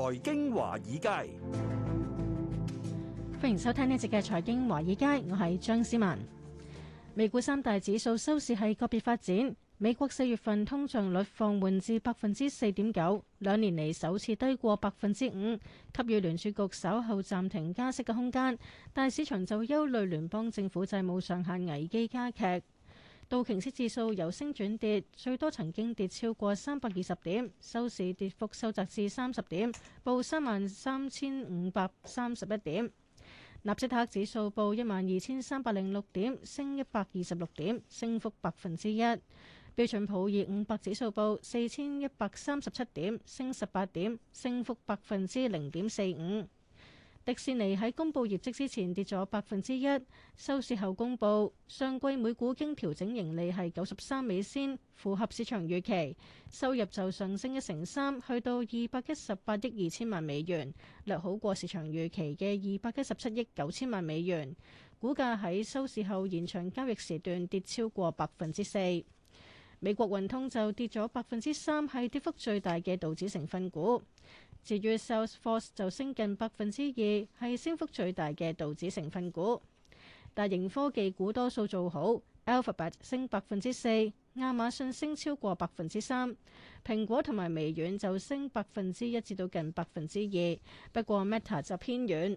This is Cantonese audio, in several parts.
財經華爾街，歡迎收聽呢一節嘅財經華爾街，我係張思文。美股三大指數收市係個別發展，美國四月份通脹率放緩至百分之四點九，兩年嚟，首次低過百分之五，給予聯儲局稍後暫停加息嘅空間，但市場就憂慮聯邦政府債務上限危機加劇。道瓊斯指數由升轉跌，最多曾經跌超過三百二十點，收市跌幅收窄至三十點，報三萬三千五百三十一點。納斯達克指數報一萬二千三百零六點，升一百二十六點，升幅百分之一。標準普爾五百指數報四千一百三十七點，升十八點，升幅百分之零點四五。迪士尼喺公布業績之前跌咗百分之一，收市後公布上季每股經調整盈利係九十三美仙，符合市場預期。收入就上升一成三，去到二百一十八億二千萬美元，略好過市場預期嘅二百一十七億九千萬美元。股價喺收市後延長交易時段跌超過百分之四。美國運通就跌咗百分之三，係跌幅最大嘅道指成分股。至於 Salesforce 就升近百分之二，係升幅最大嘅道指成分股。大型科技股多數做好，Alphabet 升百分之四，亞馬遜升超過百分之三，蘋果同埋微軟就升百分之一至到近百分之二，不過 Meta 就偏軟。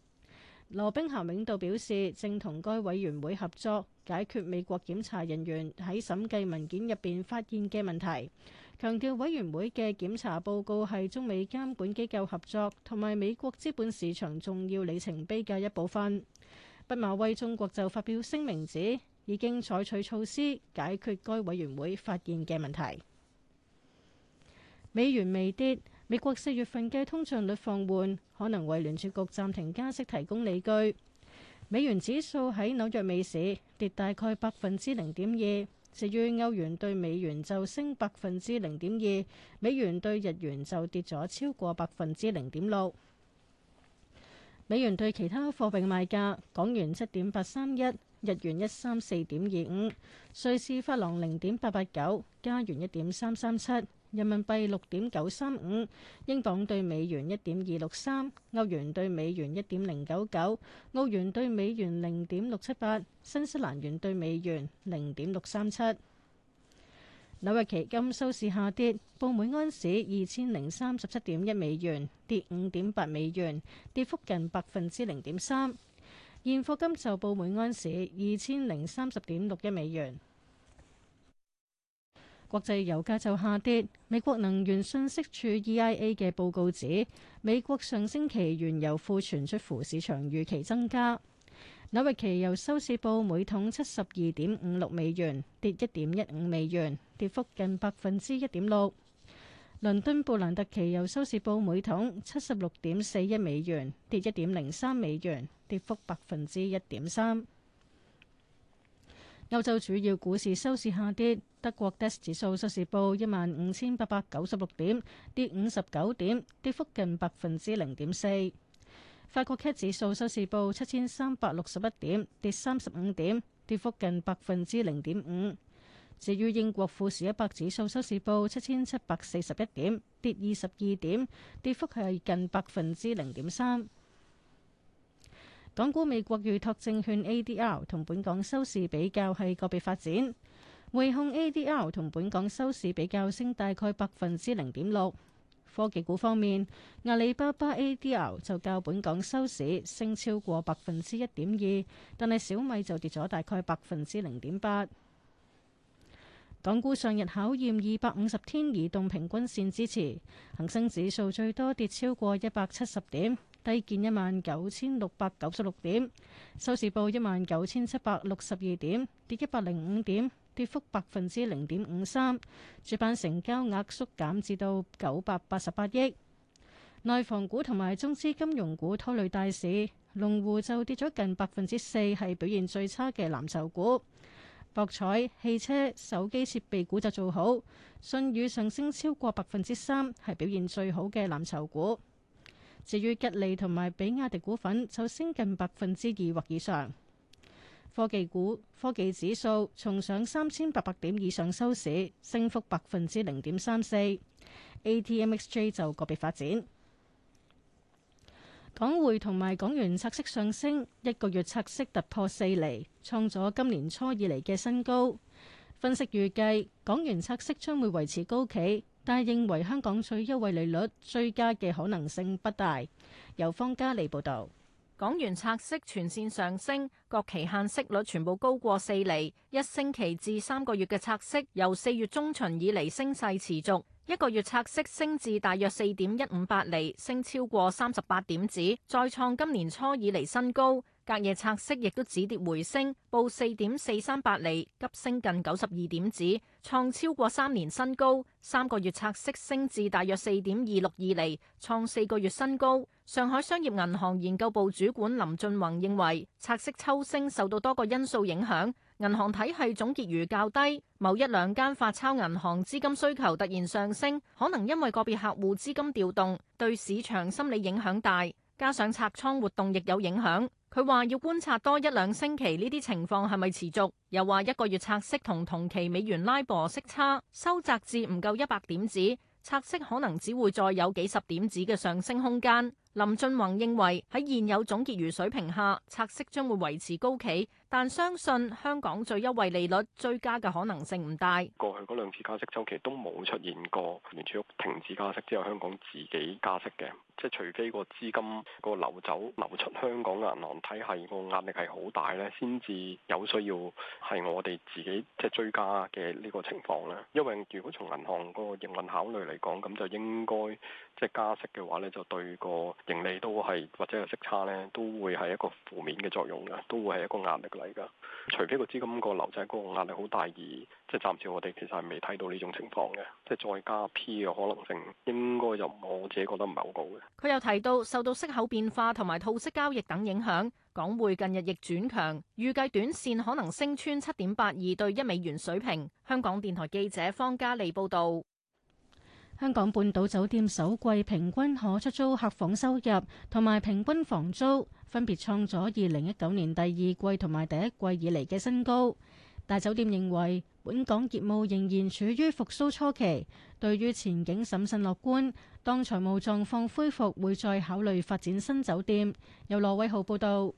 羅兵咸永道表示，正同該委員會合作解決美國檢查人員喺審計文件入邊發現嘅問題，強調委員會嘅檢查報告係中美監管機構合作同埋美國資本市場重要里程碑嘅一部分。畢馬威中國就發表聲明指，已經採取措施解決該委員會發現嘅問題。美元未跌。美國四月份嘅通脹率放緩，可能為聯儲局暫停加息提供理據。美元指數喺紐約美市跌大概百分之零點二，至於歐元對美元就升百分之零點二，美元對日元就跌咗超過百分之零點六。美元對其他貨幣賣價：港元七點八三一，日元一三四點二五，瑞士法郎零點八八九，加元一點三三七。人民幣六點九三五，英鎊兌美元一點二六三，歐元兌美元一點零九九，澳元兌美元零點六七八，新西蘭元兌美元零點六三七。紐約期金收市下跌，報每安士二千零三十七點一美元，跌五點八美元，跌幅近百分之零點三。現貨金就報每安士二千零三十點六一美元。國際油價就下跌，美國能源信息署 EIA 嘅報告指，美國上星期原油庫存出乎市場預期增加。紐約期油收市報每桶七十二點五六美元，跌一點一五美元，跌幅近百分之一點六。倫敦布蘭特期油收市報每桶七十六點四一美元，跌一點零三美元，跌幅百分之一點三。歐洲主要股市收市下跌，德國 DAX 指數收市報一萬五千八百九十六點，跌五十九點，跌幅近百分之零點四。法國 CAC 指數收市報七千三百六十一點，跌三十五點，跌幅近百分之零點五。至於英國富時一百指數收市報七千七百四十一點，跌二十二點，跌幅係近百分之零點三。港股美國預託證券 A D R 同本港收市比較係個別發展，匯控 A D R 同本港收市比較升大概百分之零點六。科技股方面，阿里巴巴 A D R 就較本港收市升超過百分之一點二，但係小米就跌咗大概百分之零點八。港股上日考驗二百五十天移動平均線支持，恒生指數最多跌超過一百七十點。低見一萬九千六百九十六點，收市報一萬九千七百六十二點，跌一百零五點，跌幅百分之零點五三。主板成交額縮減至到九百八十八億。內房股同埋中資金融股拖累大市，龍湖就跌咗近百分之四，係表現最差嘅藍籌股。博彩、汽車、手機設備股就做好，舜宇上升超過百分之三，係表現最好嘅藍籌股。至於吉利同埋比亞迪股份就升近百分之二或以上，科技股，科技指數重上三千八百點以上收市，升幅百分之零點三四。ATMXJ 就個別發展，港匯同埋港元拆息上升，一個月拆息突破四厘，創咗今年初以嚟嘅新高。分析預計港元拆息將會維持高企。但係認為香港最優惠利率追加嘅可能性不大。由方嘉利報導，港元拆息全線上升，各期限息率全部高過四厘。一星期至三個月嘅拆息由四月中旬以嚟升勢持續。一個月拆息升至大約四點一五八厘，升超過三十八點子，再創今年初以嚟新高。隔夜拆息亦都止跌回升，報四點四三八厘，急升近九十二點子，創超過三年新高。三個月拆息升至大約四點二六二厘，創四個月新高。上海商業銀行研究部主管林俊宏認為，拆息抽升受到多個因素影響。銀行體系總結餘較低，某一兩間發鈔銀行資金需求突然上升，可能因為個別客戶資金調動，對市場心理影響大。加上拆倉活動亦有影響，佢話要觀察多一兩星期呢啲情況係咪持續。又話一個月拆息同同期美元拉博息差收窄至唔夠一百點子，拆息可能只會再有幾十點子嘅上升空間。林俊宏認為喺現有總結餘水平下，拆息將會維持高企，但相信香港最優惠利率追加嘅可能性唔大。過去嗰兩次加息周期都冇出現過聯儲局停止加息之後，香港自己加息嘅。即係除非個資金個流走流出香港銀行體系個壓力係好大咧，先至有需要係我哋自己即係追加嘅呢個情況咧。因為如果從銀行嗰個營運考慮嚟講，咁就應該即係加息嘅話咧，就對個盈利都係或者係息差咧，都會係一個負面嘅作用啦，都會係一個壓力嚟噶。除非個資金個流走個壓力好大而。即係暫時，我哋其實係未睇到呢種情況嘅。即係再加 P 嘅可能性，應該就我自己覺得唔係好高嘅。佢又提到受到息口變化同埋套息交易等影響，港匯近日亦轉強，預計短線可能升穿七點八二對一美元水平。香港電台記者方嘉利報道。香港半島酒店首季平均可出租客房收入同埋平均房租分別創咗二零一九年第二季同埋第一季以嚟嘅新高。大酒店認為，本港業務仍然處於復甦初期，對於前景審慎樂觀。當財務狀況恢復，會再考慮發展新酒店。由羅偉浩報導。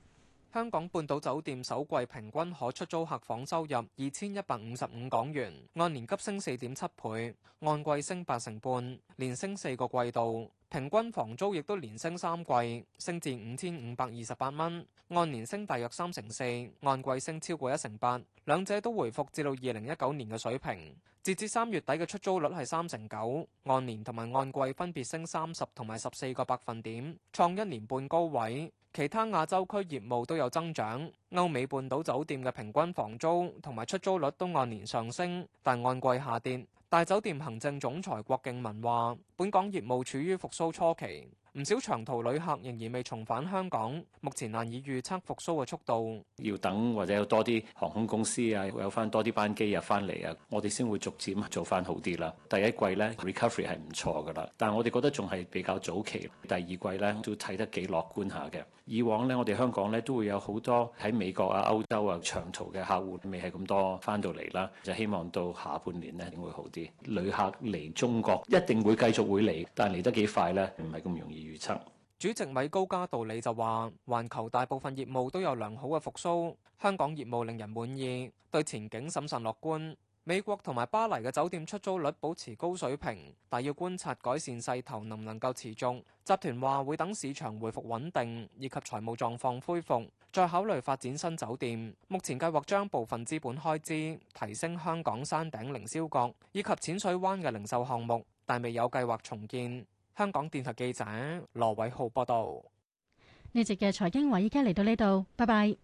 香港半島酒店首季平均可出租客房收入二千一百五十五港元，按年急升四點七倍，按季升八成半，連升四個季度。平均房租亦都連升三季，升至五千五百二十八蚊，按年升大約三成四，按季升超過一成八，兩者都回復至到二零一九年嘅水平。截至三月底嘅出租率係三成九，按年同埋按季分別升三十同埋十四個百分點，創一年半高位。其他亞洲區業務都有增長，歐美半島酒店嘅平均房租同埋出租率都按年上升，但按季下跌。大酒店行政總裁郭敬文話：本港業務處於復甦初期。唔少長途旅客仍然未重返香港，目前難以預測復甦嘅速度。要等或者有多啲航空公司啊，有翻多啲班機入翻嚟啊，我哋先會逐漸做翻好啲啦。第一季咧 recovery 係唔錯㗎啦，但係我哋覺得仲係比較早期。第二季咧都睇得幾樂觀下嘅。以往呢，我哋香港咧都會有好多喺美國啊、歐洲啊長途嘅客戶，未係咁多翻到嚟啦。就希望到下半年咧會好啲。旅客嚟中國一定會繼續會嚟，但係嚟得幾快咧唔係咁容易。主席米高加道理就話：環球大部分業務都有良好嘅復甦，香港業務令人滿意，對前景審慎樂觀。美國同埋巴黎嘅酒店出租率保持高水平，但要觀察改善勢頭能唔能夠持續。集團話會等市場回復穩定以及財務狀況恢復，再考慮發展新酒店。目前計劃將部分資本開支提升香港山頂凌霄閣以及淺水灣嘅零售項目，但未有計劃重建。香港電台記者羅偉浩報道。呢集嘅財經話而家嚟到呢度，拜拜。